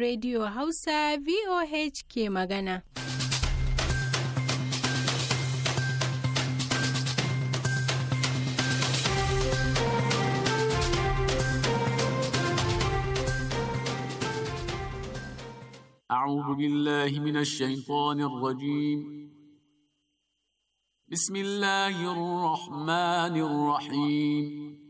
Radio Hausa VOH ke magana. أعوذ بالله من الشيطان الرجيم بسم الله الرحمن الرحيم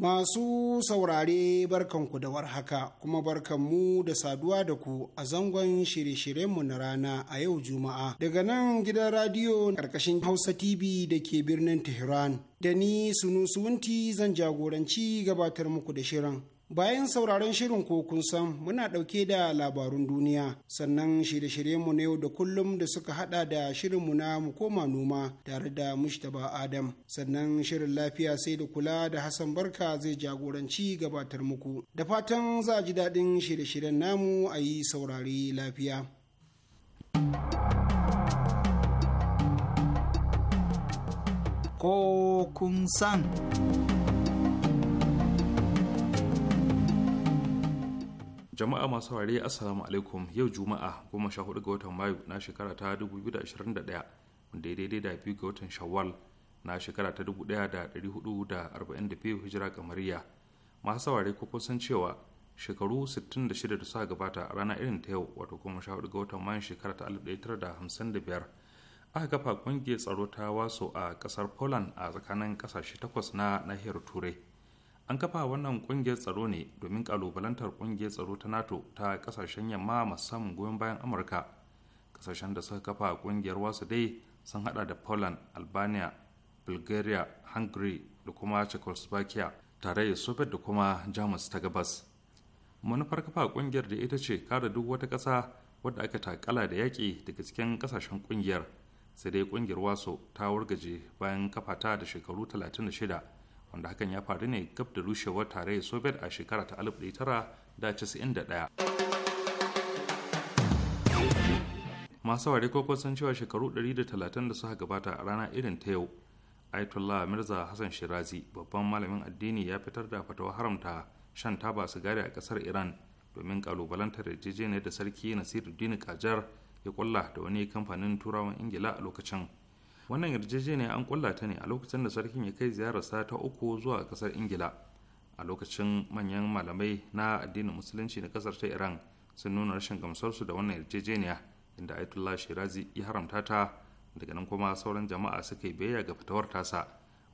Masu saurare barkanku da warhaka kuma barkanmu da saduwa da ku a zangon shirye-shiryenmu na rana a yau Juma'a daga nan gidan radiyo ƙarƙashin Hausa TV da ke birnin Tehran. Da ni Sunusuwunti zan jagoranci gabatar muku da shirin. Bayan sauraron shirin ko kun san muna ɗauke da labarun duniya sannan shirye-shiryenmu na yau da kullum da suka hada da shirinmu na mu koma noma tare da Mushtaba Adam sannan shirin lafiya sai da kula da Hassan Barka zai jagoranci gabatar muku. Da fatan za ji daɗin shirye-shiryen namu a yi saurari lafiya. Ko kun san. jama'a masu haure assalamu alaikum yau juma'a goma sha hudu ga watan mayu na shekara ta 2021 wanda ya daidai da biyu ga watan shawwal na shekara ta 1442 hijira kamariya masu saurare ko kun san cewa shekaru 66 da suka gabata a ranar irin ta yau wato goma sha hudu ga watan mayu shekara ta 1955 aka kafa kungiyar tsaro ta waso a kasar poland a tsakanin kasashe takwas na nahiyar turai an kafa wannan kungiyar tsaro ne domin kalubalantar kungiyar tsaro ta nato ta kasashen yamma musamman goyon bayan amurka kasashen da suka kafa kungiyar wasu dai sun hada da poland albania bulgaria hungary da kuma czechoslovakia tare da soviet da kuma jamus ta gabas manufar kafa kungiyar da ita ce kare duk wata ƙasa wadda aka takala da yaƙi daga cikin ƙasashen kungiyar sai dai kungiyar waso ta wargaje bayan kafa ta da shekaru 36 wanda hakan ya faru ne gab da rushewar tarayyar soviet a shekara ta 1991 masu saurari ko san cewa shekaru 130 da suka gabata a rana irin ta yau ayatollah mirza hassan shirazi babban malamin addini ya fitar da fatawa haramta shan taba sigari a kasar iran domin kalubalantar yarjejeniyar da sarki nasiruddin kajar ya kulla da wani kamfanin turawan ingila a lokacin wannan yarjejeniya an kulla ta ne a lokacin da sarkin ya kai ziyararsa ta uku zuwa kasar ingila a lokacin manyan malamai na addinin musulunci na kasar ta iran sun nuna rashin gamsarsu da wannan yarjejeniya inda aitullah shirazi ya haramta ta daga nan kuma sauran jama'a suka yi biyayya ga fitowar tasa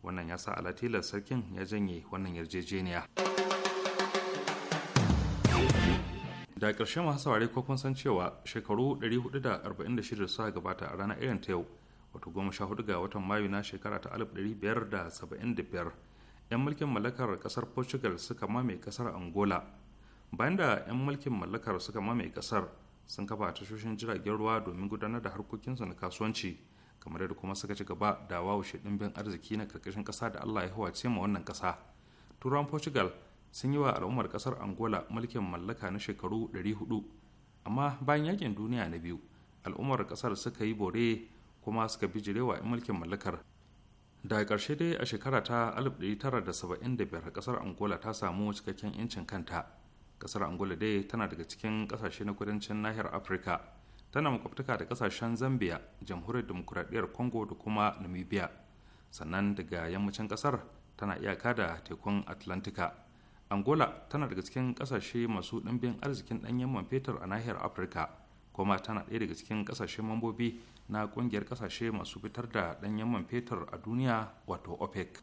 wannan ya sa alatilar sarkin ya janye wannan yarjejeniya da ƙarshen masu saurari ko kun san cewa shekaru 446 suka gabata a ranar irin ta yau wato goma sha hudu ga watan mayu na shekara ta alif ɗari biyar da da saba'in biyar 'yan mulkin mallakar kasar portugal suka mame kasar angola bayan da 'yan mulkin mallakar suka mame kasar sun kafa tashoshin jiragen ruwa domin gudanar da harkokinsu na kasuwanci kamar yadda kuma suka ci gaba da wawushe ɗimbin arziki na karkashin kasa da allah ya ce ma wannan ƙasa turan portugal sun yi wa al'ummar kasar angola mulkin mallaka na shekaru 400 amma bayan yakin duniya na biyu al'ummar ƙasar suka yi bore kuma suka bijirewa mulkin mallakar daga ƙarshe dai a shekara ta 1975 ƙasar angola ta samu cikakken 'yancin kanta ƙasar angola dai tana daga cikin ƙasashe na kudancin nahiyar afirka tana makwabtaka da ƙasashen zambia jamhuriyar demokuraɗiyyar congo da kuma namibia sannan daga yammacin ƙasar tana iyaka da tekun atlantika angola tana daga cikin ƙasashe masu ɗimbin arzikin ɗanyen man fetur a nahiyar afirka kuma tana ɗaya daga cikin ƙasashen mambobi na kungiyar kasashe masu fitar da ɗanyen man fetur a duniya wato opec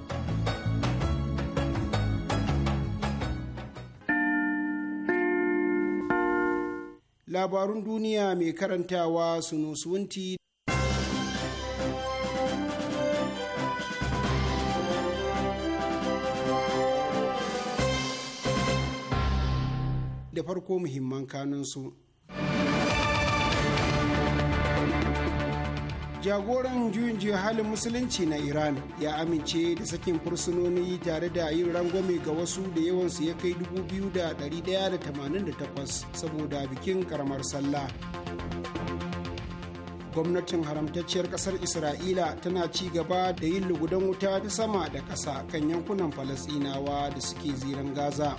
labarun duniya mai karantawa sunusunti da farko muhimman kanunsu. jagoran juyin juya halin musulunci na iran ya amince da sakin fursunoni tare da yin rangwame ga wasu da yawansu ya kai 2,188 saboda bikin karamar sallah gwamnatin haramtacciyar kasar isra'ila tana ci gaba da yin lugudan wuta ta sama da ƙasa kan yankunan falasinawa da suke ziran gaza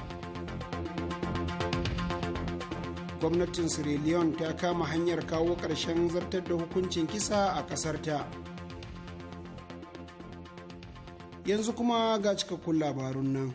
gwamnatin sierra leone ta kama hanyar kawo ƙarshen zartar da hukuncin kisa a ta. yanzu kuma ga cikakkun labarun nan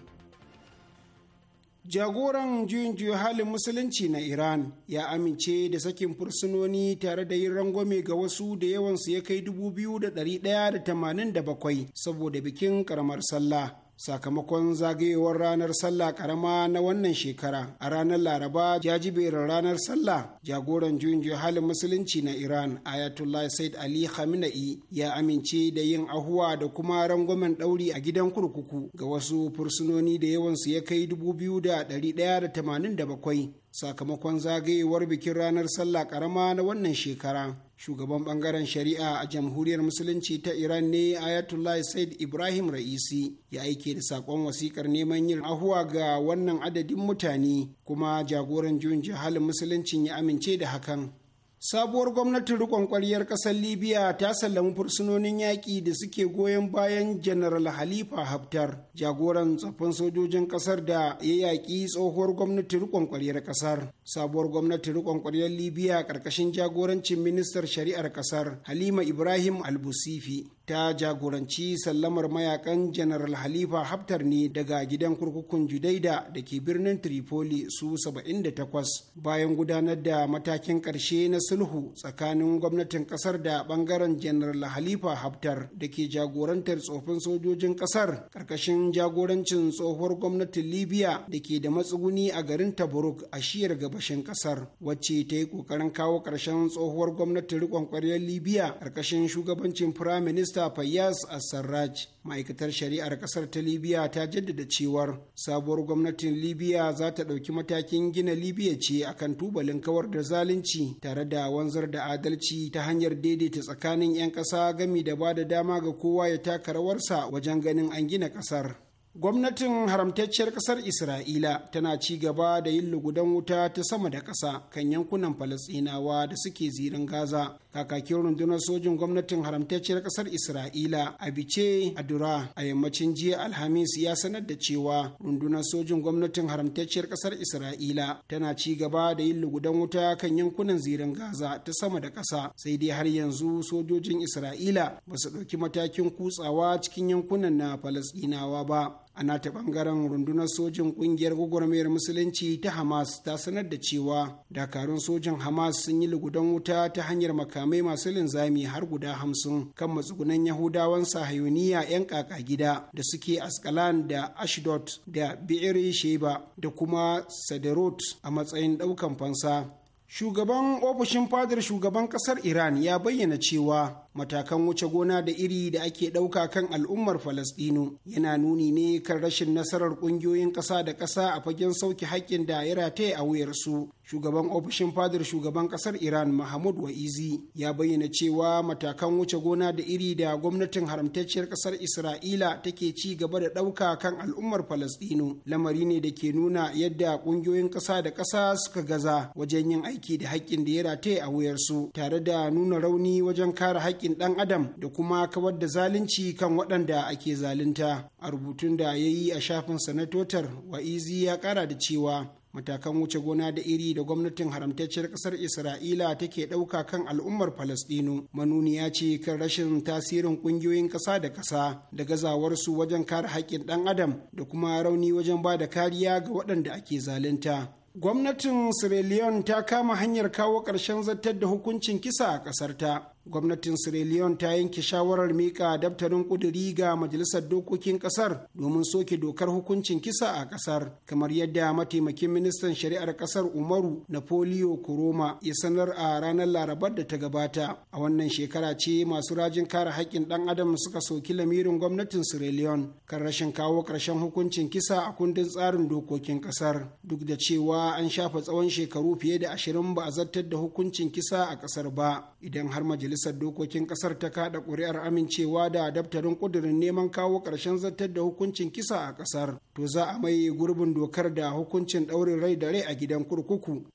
jagoran juyin juya halin musulunci na iran ya amince da sakin fursunoni tare da yin rangwame ga wasu da yawansu ya kai 2,187 saboda bikin karamar sallah sakamakon zagayewar ranar sallah karama na wannan shekara a ranar laraba jajiberin ranar sallah jagoran juyin halin musulunci na iran ayatollah said ali khamenei ya amince da yin ahuwa da kuma rangwamen ɗauri a gidan kurkuku ga wasu fursunoni da yawansu ya kai 2187 sakamakon zagayewar bikin ranar sallah karama na wannan shekara shugaban bangaren shari'a a jamhuriyar musulunci ta iran ne ayatollah said ibrahim ra'isi ya aike da sakon wasikar neman yin ahuwa ga wannan adadin mutane kuma jagoran juyin jihalin musuluncin ya amince da hakan Sabuwar gwamnatin rikon ƙwaryar ƙasar Libya ta sallami fursunonin yaƙi da suke goyon bayan General Halifa Haftar, jagoran tsoffin sojojin ƙasar da ya yaƙi tsohuwar gwamnatin rikon ƙwaryar ƙasar. Sabuwar gwamnatin rikon ƙwaryar Libya ƙarƙashin jagorancin ministar shari'ar ƙasar Halima Ibrahim Albusifi ta jagoranci sallamar mayakan janaral halifa haftar ne daga gidan kurkukun judaida da ke birnin tripoli su 78 bayan gudanar da matakin ƙarshe na sulhu tsakanin gwamnatin kasar da bangaren janaral halifa haftar da ke jagorantar tsofin sojojin kasar karkashin jagorancin tsohuwar gwamnatin libya da ke da matsuguni a garin tabaruk a shiyar gabashin kasar wacce ta yi kokarin kawo ƙarshen tsohuwar gwamnatin riƙon libya ƙarƙashin shugabancin firaminista barista fayyaz assarraj ma'aikatar shari'ar kasar ta libya ta jaddada cewar sabuwar gwamnatin libya za ta ɗauki matakin gina libya ce a kan tubalin kawar da zalunci tare da wanzar da adalci ta hanyar daidaita tsakanin 'yan ƙasa gami da ba da dama ga kowa ya taka rawarsa wajen ganin an gina ƙasar gwamnatin haramtacciyar kasar isra'ila tana ci gaba da yin lugudan wuta ta sama da ƙasa kan yankunan falasɗinawa da suke zirin gaza kakakin rundunar sojin gwamnatin haramtacciyar kasar isra'ila a bice adura a yammacin jiya alhamis ya sanar da cewa rundunar sojin gwamnatin haramtacciyar kasar isra'ila tana ci gaba da yin lugudan wuta kan yankunan zirin gaza ta sama da ƙasa sai dai har yanzu sojojin isra'ila ba su ɗauki matakin kutsawa cikin yankunan na falasɗinawa ba a nata bangaren rundunar sojin kungiyar gwagwarmayar musulunci ta hamas ta sanar da cewa dakarun sojin hamas sun yi lugudan wuta ta hanyar makamai masu linzami har guda hamsin kan matsugunan yahudawan sahayuniya 'yan kaka gida da suke askalan da ashdod da bi'ir sheba da kuma saderot a matsayin daukan fansa shugaban ofishin fadar shugaban kasar iran ya bayyana cewa matakan wuce gona da iri da ake ɗauka kan al'ummar falasɗinu yana nuni ne kan rashin nasarar ƙungiyoyin ƙasa da ƙasa a fagen sauki haƙƙin da ya rataye a wuyar su shugaban ofishin fadar shugaban ƙasar iran mahmud wa'izi ya bayyana cewa matakan wuce gona da iri da gwamnatin haramtacciyar ƙasar isra'ila take ci gaba da ɗauka kan al'ummar falasɗinu lamari ne da ke nuna yadda ƙungiyoyin ƙasa da ƙasa suka gaza wajen yin aiki da haƙƙin da ya rataye a wuyarsu tare da nuna rauni wajen kare haƙƙin haƙƙin ɗan adam da kuma kawar da zalunci kan waɗanda ake zalunta a rubutun da ya yi a shafin sanatotar wa'izi ya ƙara da cewa matakan wuce gona da iri da gwamnatin haramtacciyar ƙasar isra'ila take ɗauka kan al'ummar falasɗinu manuniya ce kan rashin tasirin ƙungiyoyin ƙasa da ƙasa da gazawarsu wajen kare haƙƙin ɗan adam da kuma rauni wajen ba da kariya ga waɗanda ake zalunta gwamnatin sierra ta kama hanyar kawo ƙarshen zartar da hukuncin kisa a ƙasarta gwamnatin sierra leone ta yanke shawarar mika daftarin kuduri ga majalisar dokokin kasar domin soke dokar hukuncin kisa a kasar kamar yadda mataimakin ministan shari'ar kasar umaru napolio kuroma ya sanar a ranar larabar da ta gabata a wannan shekara ce masu rajin kare haƙƙin ɗan adam suka soki lamirin gwamnatin sierra leone kan rashin kawo ƙarshen hukuncin kisa a kundin tsarin dokokin kasar duk da cewa an shafa tsawon shekaru fiye da ashirin ba a zartar da hukuncin kisa a kasar ba idan har majalisar majalisar dokokin kasar ta kada kuri'ar amincewa da daftarin kudirin neman kawo ƙarshen zartar da hukuncin kisa a kasar to za a mai gurbin dokar da hukuncin ɗaurin rai da rai a gidan kurkuku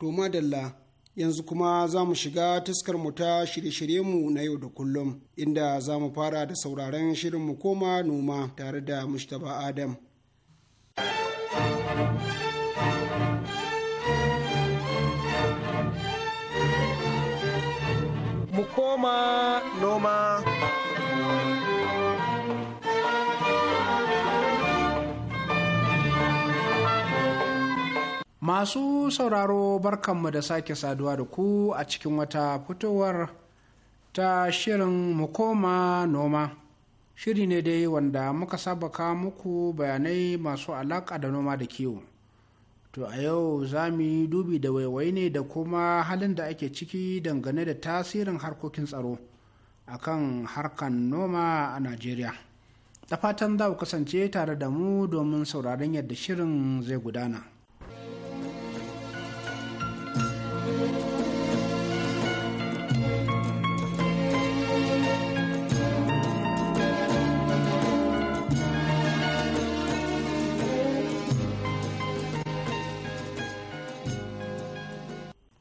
to madalla yanzu kuma za mu shiga taskar mu ta shirye mu na yau da kullum inda za mu fara da sauraron shirin mu koma noma tare da mustapha adam. Mu koma noma. Masu sauraro barkanmu da sake saduwa da ku a cikin wata fitowar ta shirin mu koma noma. shiri ne dai wanda muka saba ka muku bayanai masu alaƙa da noma da kiwo to a yau za mu yi dubi da waiwai ne da kuma halin da ake ciki dangane da tasirin harkokin tsaro a kan harkan noma a najeriya da fatan za ku kasance tare da mu domin sauraron yadda shirin zai gudana.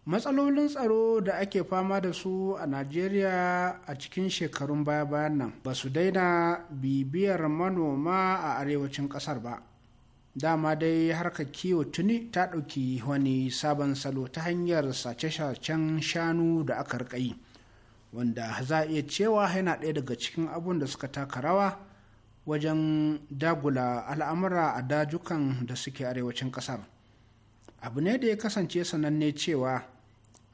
matsalolin tsaro da ake fama da su a najeriya a cikin shekarun baya-bayan nan ba su daina bibiyar manoma a arewacin kasar ba dama dai harkar kiwo tuni ta ɗauki wani sabon salo ta hanyar sace-sacen shanu da aka rika wanda za a iya cewa yana ɗaya daga cikin abun da suka taka rawa wajen dagula al'amura a dajukan da suke arewacin ƙasar abu ne da ya kasance sananne cewa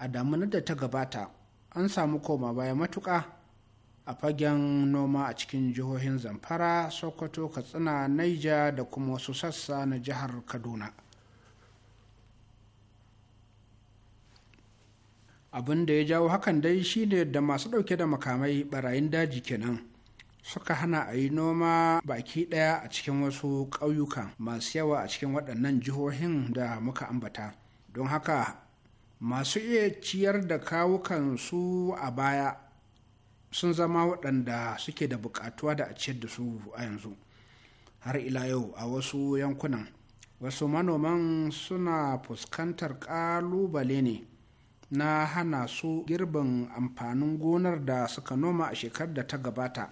a damunar da ta gabata an samu koma baya matuƙa a fagen noma a cikin jihohin zamfara sokoto katsina naija da kuma wasu sassa na jihar kaduna abin da ya jawo hakan dai shine da masu ɗauke da makamai barayin daji kenan suka hana a yi noma baki ɗaya a cikin wasu ƙauyuka masu yawa a cikin waɗannan jihohin da muka ambata don haka masu iya ciyar da kawukan su a baya sun zama waɗanda suke da buƙatuwa da a ciyar da su a yanzu har ila yau a wasu yankunan wasu manoman suna fuskantar ƙalubale ne na hana su girbin amfanin gonar da suka noma a shekarar da ta gabata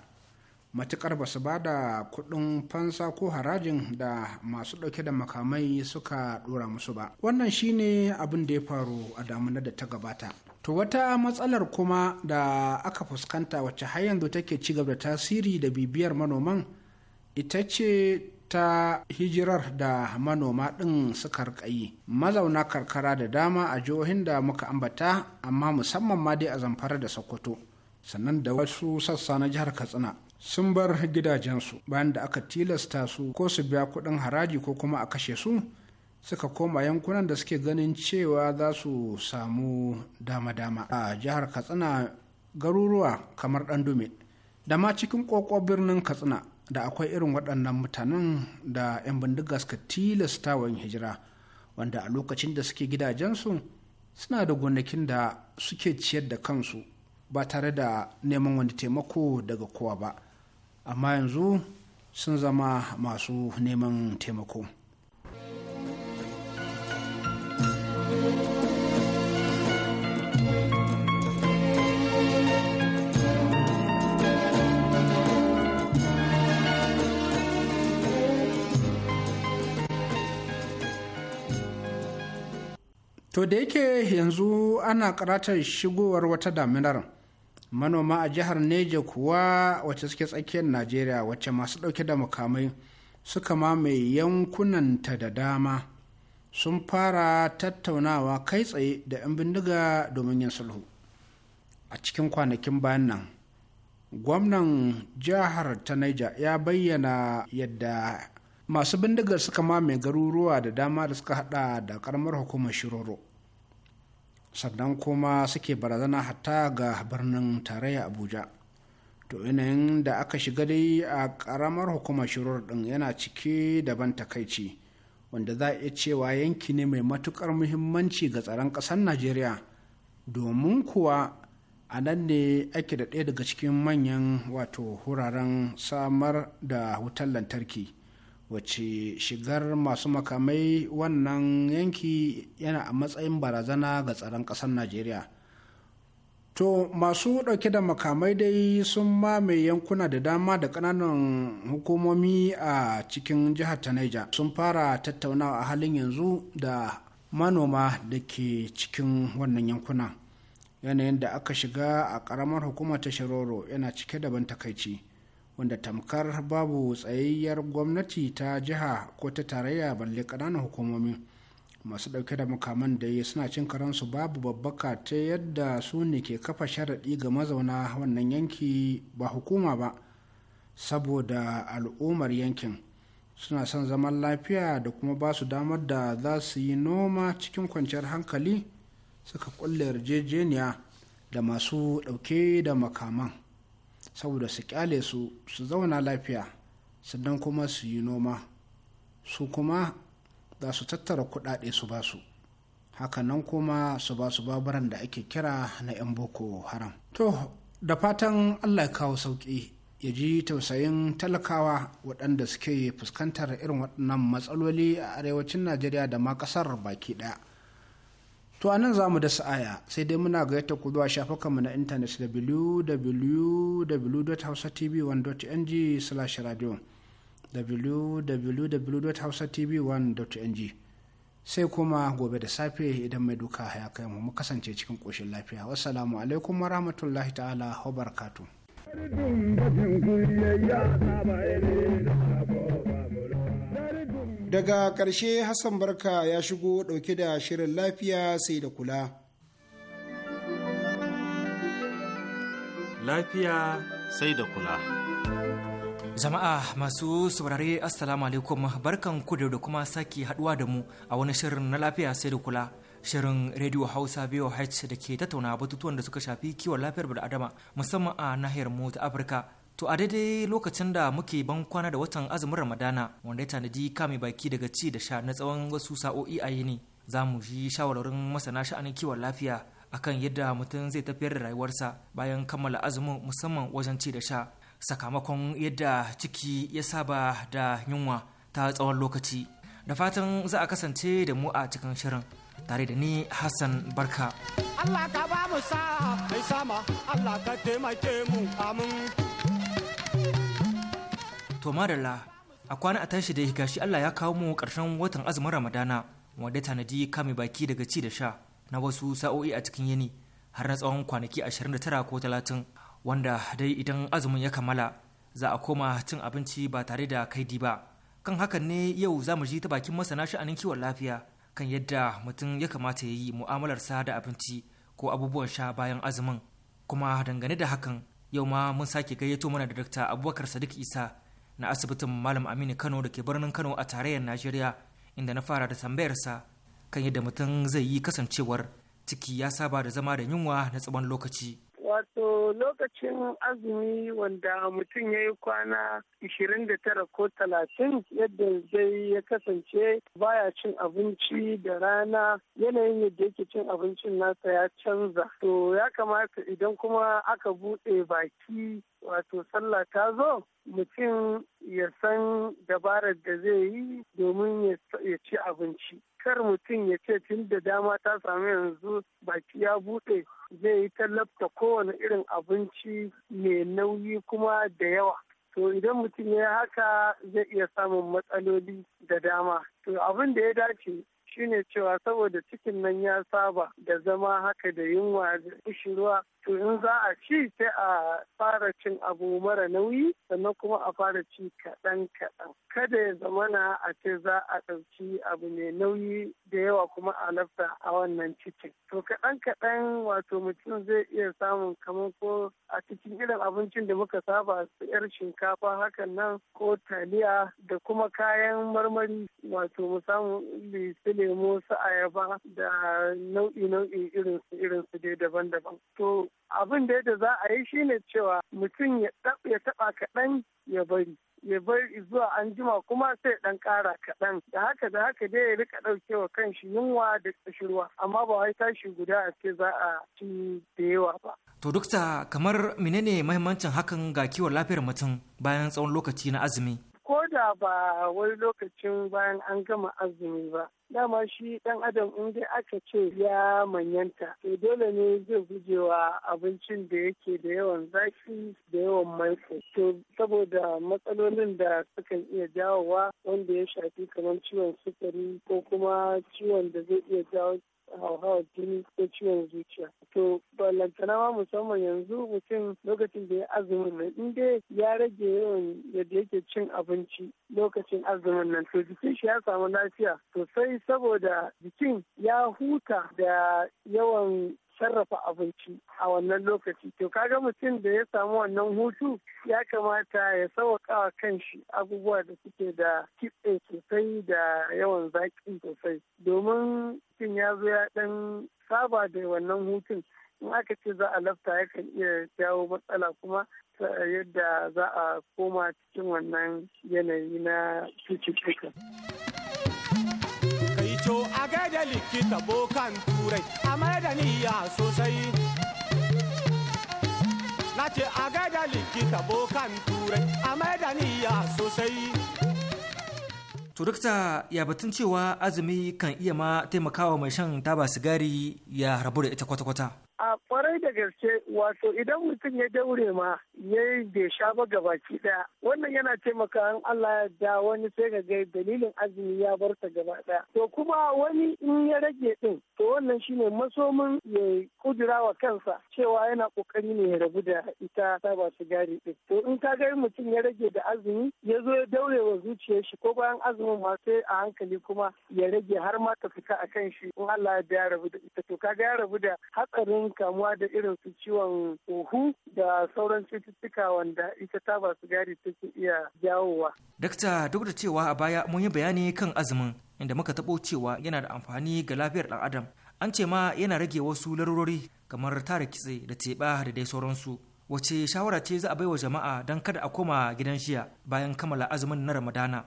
matukar ba su ba da kuɗin fansa ko harajin da masu ɗauke da makamai suka ɗora musu ba wannan shine abin da ya faru a damuna da ta gabata to wata matsalar kuma da aka fuskanta wacce har yanzu take ci gaba da tasiri da bibiyar manoman ita ce ta hijirar da manoma ɗin suka rikayi mazauna karkara da dama a jihohin da muka ambata amma musamman ma dai a zamfara da sokoto sannan da wasu sassa na jihar katsina sun bar gidajensu bayan da aka tilasta su ko su biya kuɗin haraji ko kuma a kashe su suka koma yankunan da suke ganin cewa za su samu dama-dama a jihar katsina garuruwa kamar dume, da ma cikin ƙoƙo birnin katsina da akwai irin waɗannan mutanen da 'yan bindiga suka tilasta wa hijira wanda a lokacin da suke gidajensu suna da gonakin da suke ciyar da kansu ba tare da neman wani taimako daga kowa ba amma yanzu sun zama masu neman taimako To da yake yanzu ana karatar shigowar wata daminar manoma a jihar neja kuwa wacce suke tsakiyar najeriya wacce masu ɗauke da mukamai suka mamaye yankunanta da dama sun fara tattaunawa kai tsaye da 'yan bindiga domin yin sulhu a cikin kwanakin bayan nan gwamnan jihar ta naija ya bayyana yadda masu bindigar suka mamaye garuruwa da dama da suka hada da karamar hukumar shiroro sannan kuma suke barazana hatta ga birnin tarayya abuja to yanayin da aka shiga dai a karamar hukumar shirur din yana cike da ban takaici wanda za a iya cewa yanki ne mai matukar muhimmanci ga tsaron ƙasar najeriya domin kuwa a nan ne ake da ɗaya daga cikin manyan wato wuraren samar da wutar lantarki wace shigar masu makamai wannan yanki yana a matsayin barazana ga tsaron ƙasar najeriya to masu ɗauke da makamai dai sun mamaye yankuna da dama da ƙananan hukumomi a cikin jihar ta niger sun fara tattaunawa a halin yanzu da manoma da ke cikin wannan yankuna yanayin da aka shiga a ƙaramar hukumar ta shiroro yana cike da ban takaici wanda tamkar babu tsayayyar gwamnati ta jiha ko ta tarayya balle ƙananan hukumomi masu ɗauke da makaman da ya suna cin karansu babu babbaka ta yadda su ne ke kafa sharaɗi ga mazauna wannan yanki ba hukuma ba saboda al'ummar yankin suna son zaman lafiya da kuma ba su damar da za su yi noma cikin kwanciyar hankali suka kulle yarjejeniya da masu ɗauke da makaman saboda su kyale su su zauna lafiya sannan kuma su yi noma su kuma za su tattara kuɗaɗe su ba su hakanan kuma su ba su babaran da ake kira na 'yan boko haram to da fatan allah ya kawo sauƙi ya ji tausayin talakawa waɗanda suke fuskantar irin waɗannan matsaloli a arewacin najeriya da ma ƙasar baki ɗaya To a nan za mu dasa aya sai dai muna gayyata ku zuwa shafukanmu na intanet www.hausatv1.ng slash radio www.hausatv1.ng sai kuma gobe da safe idan mai duka ya kai mu mu kasance cikin koshin lafiya wassalamu alaikum wa rahmatullahi ta'ala wa barakatu. Daga ƙarshe Hassan Barka ya shigo ɗauke da shirin lafiya sai da kula. Lafiya sai da kula. Jama'a masu saurare Assalamu alaikum barkan ku da kuma sake haɗuwa da mu a wani shirin na lafiya sai da kula. shirin radio hausa voh da ke tattauna batutuwan da suka shafi kiwon lafiyar bil'adama musamman a nahiyar mu ta afirka To a daidai lokacin da muke ban kwana da watan azumin Ramadana wanda ya tanadi kame baki daga ci da sha na tsawon wasu sa'o'i a yini za mu ji shawarwarin masana sha'anin kiwon lafiya akan yadda mutum zai tafiyar da rayuwarsa bayan kammala azumin musamman wajen ci da sha sakamakon yadda ciki ya saba da yunwa ta tsawon lokaci da fatan za a kasance da mu a cikin shirin tare da ni Hassan Barka. Allah ka ba mu sa'a mai sama Allah ka taimake mu amin to madalla a kwana a tashi da gashi Allah ya kawo mu karshen watan azumin Ramadana wanda tanadi kame baki daga ci da sha na wasu sa'o'i a cikin yini har na tsawon kwanaki 29 ko 30 wanda dai idan azumin ya kammala za a koma cin abinci ba tare da kaidi ba kan hakan ne yau za mu ji ta bakin masana sha'anin kiwon lafiya kan yadda mutum ya kamata ya yi mu'amalar sa da abinci ko abubuwan sha bayan azumin kuma dangane da hakan yau ma mun sake gayyato mana da Dr. Abubakar Sadiq Isa na asibitin Malam Aminu Kano da ke birnin Kano a tarayyar Najeriya inda na fara da tambayarsa kan yadda mutum zai yi kasancewar ciki ya saba da zama da yunwa na tsawon lokaci. Wato lokacin azumi wanda mutum ya yi kwana 29 ko 30 yadda zai ya kasance baya cin abinci da rana yanayin yadda yake cin abincin nasa ya canza. To ya kamata idan kuma aka buɗe baki wato sallah ta zo mutum ya san dabarar da zai yi domin ya ci abinci. kar mutum ya ce tun da dama ta samu yanzu baki ya buɗe zai yi tallafta kowane irin abinci mai nauyi kuma da yawa to idan mutum ya haka zai iya samun matsaloli da dama to abin da ya dace shine cewa saboda cikin nan ya saba da zama haka da yunwa da kushirwa to in za a ci sai a fara cin abu mara nauyi sannan kuma a fara ci kaɗan kaɗan kada ya zamana a ce za a ɗauki abu mai nauyi da yawa kuma a lafta a wannan cikin to kaɗan kaɗan wato mutum zai iya samun kamar ko a cikin irin abincin da muka saba su yar shinkafa hakan nan ko taliya da kuma kayan marmari wato musamman su lemo su ayaba da nau'i nau'i irin su irin su dai daban-daban to abin da yadda za a yi shine cewa mutum ya taɓa kaɗan ya bari ya bar zuwa an jima kuma sai ɗan kara kaɗan da haka da haka dai ya rika ɗaukewa shi yunwa da ƙashirwa amma ba wai tashi guda a ce za a ci da yawa ba. To dukta kamar menene mahimmancin hakan ga kiwon lafiyar mutum bayan tsawon lokaci na azumi? ko da ba wani lokacin bayan an gama azumi ba dama shi dan adam in dai aka ce ya manyanta to dole ne zai gujewa abincin da yake da yawan zafi da yawan maiko to saboda matsalolin da sukan iya jawowa wanda ya shafi kamar ciwon sukari ko kuma ciwon da zai iya jawo hauhawar jini ko ciwon zuciya to lantana ma musamman yanzu mutum lokacin da ya azumin nan in dai ya rage yawan yadda yake cin abinci lokacin azumin nan to jikin shi ya samu lafiya sosai saboda jikin ya huta da yawan sarrafa abinci a wannan lokaci to ka ga mutum da ya samu wannan hutu ya kamata ya sauka wa kanshi abubuwa da suke da kitse sosai da yawan zaƙi sosai domin mutum ya zo ya ɗan saba da wannan hutun in aka ce za a lafta ya kan iya jawo matsala kuma yadda za a koma cikin wannan yanayi na cututtuka. da likita bokan turai a da niyya sosai na ce a da likita bokan turai a da niyya sosai turukta ya batun cewa azumi kan iya ma taimakawa mai shan taba sigari ya rabu da ita kwata-kwata a kwarai da gaske wato idan mutum ya daure ma ya yi bai sha ba gabaki daya wannan yana taimaka in Allah ya da wani sai ga gai dalilin azumi ya bar ta gaba daya to kuma wani in ya rage din to wannan shine masomin ya kudura wa kansa cewa yana kokari ne ya rabu da ita taba sigari din to in ka ga mutum ya rage da azumi ya zo ya daure wa zuciyar shi ko bayan azumin ma sai a hankali kuma ya rage har ma ta fita a kan shi in Allah ya da ya rabu da ita to kaga ya rabu da hatsarin kamuwa da irin su ciwon huhu da sauran cututtuka wanda ita ta taba sigari take iya jawowa. Dakta duk da cewa a baya mun yi bayani kan azumin inda muka taɓo cewa yana da amfani ga lafiyar ɗan adam. An ce ma yana rage wasu larurori kamar tara kitse da teɓa da dai sauransu. Wace shawara ce za a baiwa jama'a don kada a koma gidan shiya bayan kammala azumin na Ramadana?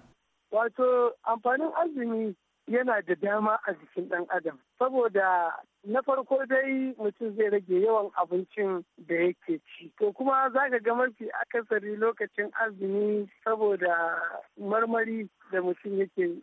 Wato amfanin azumi yana da dama a jikin ɗan adam saboda na farko dai mutum zai rage yawan abincin da yake ci to kuma za ka ga mafi akasari lokacin azumi saboda marmari da mutum yake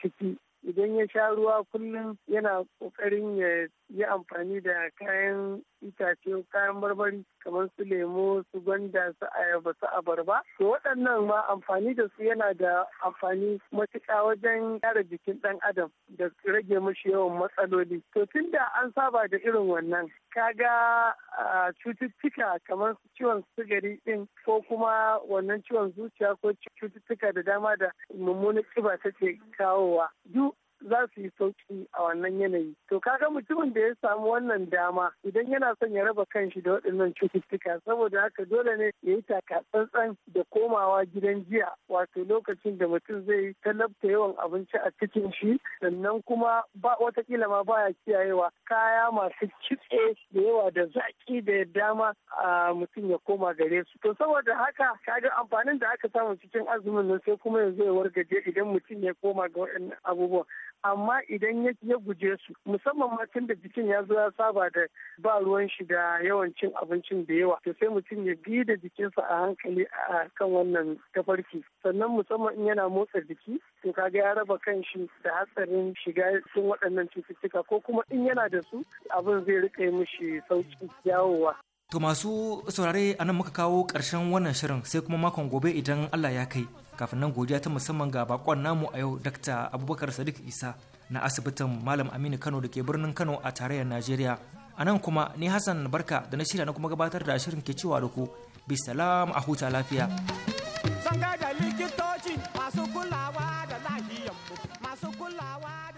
ciki idan ya sha ruwa kullum yana ƙoƙarin ya yi amfani da kayan itace kayan marmari kamar su lemo su gwanda su ayaba su abarba to waɗannan ma amfani da su yana da amfani matuƙa wajen kare jikin ɗan adam da rage mashi yawan matsaloli to tunda an saba da irin wannan kaga cututtuka kamar ciwon sugari ɗin, ko kuma wannan ciwon zuciya ko cututtuka da dama da mummunan ƙiba take kawowa duk za su yi sauki a wannan yanayi to kaga mutumin da ya samu wannan dama idan yana son ya raba kanshi da waɗannan cututtuka saboda haka dole ne ya yi taka tsantsan da komawa gidan jiya wato lokacin da mutum zai talabta yawan abinci a cikin shi sannan kuma ba watakila ma baya kiyayewa kaya masu kitse da yawa da zaki da dama a mutum ya koma gare su to saboda haka kaga amfanin da aka samu cikin azumin nan sai kuma yanzu ya wargaje idan mutum ya koma ga waɗannan abubuwan amma idan ya guje su musamman ma tun da jikin ya zo ya saba da ba ruwan shi da yawan cin abincin da yawa to sai mutum ya bi da jikinsa a hankali a kan wannan tafarki sannan musamman in yana motsa jiki to kaga ya raba kan shi da hatsarin shiga cikin waɗannan cututtuka ko kuma in yana da su abin zai rika mishi sauki yawowa To masu saurare a nan muka kawo ƙarshen wannan shirin sai kuma makon gobe idan Allah ya kai kafin nan godiya ta musamman ga bakon namu a yau Dr. Abubakar Sadiq Isa na asibitin Malam Aminu Kano da ke birnin Kano a tarayyar Najeriya. A nan kuma ni Hassan Barka da na shirya na kuma gabatar da shirin ke cewa da ku bisalam a huta lafiya. da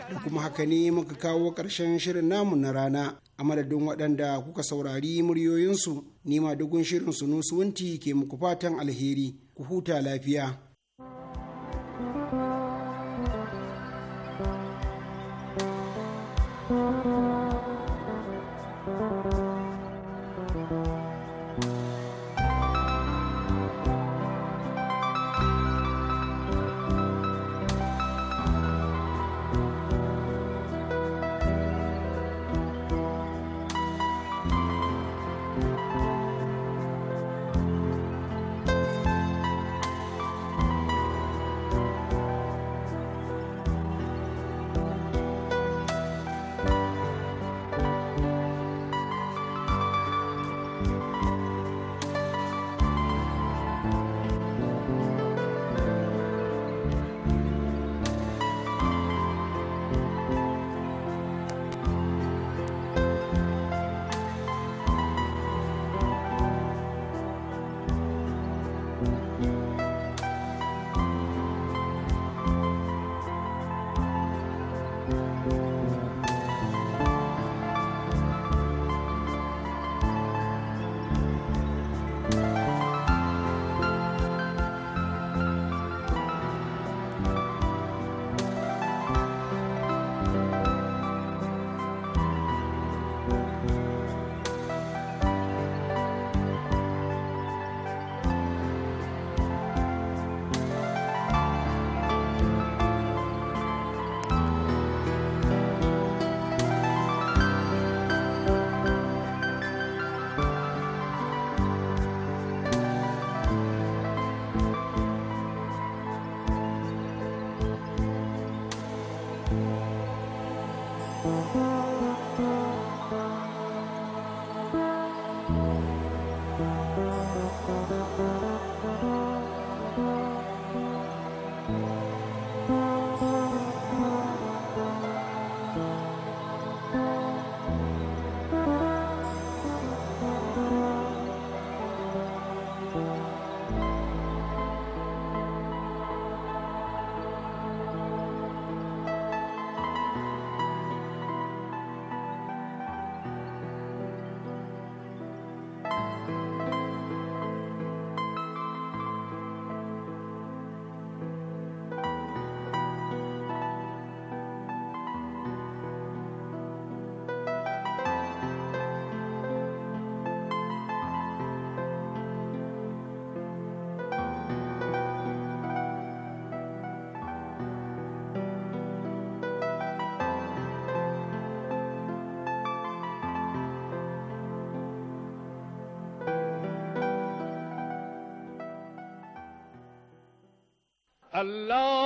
da kuma haka ne muka kawo ƙarshen shirin namu na rana a madadin waɗanda kuka saurari muryoyinsu nima dugun shirin sunusu wunti ke muku fatan alheri ku huta lafiya. Allah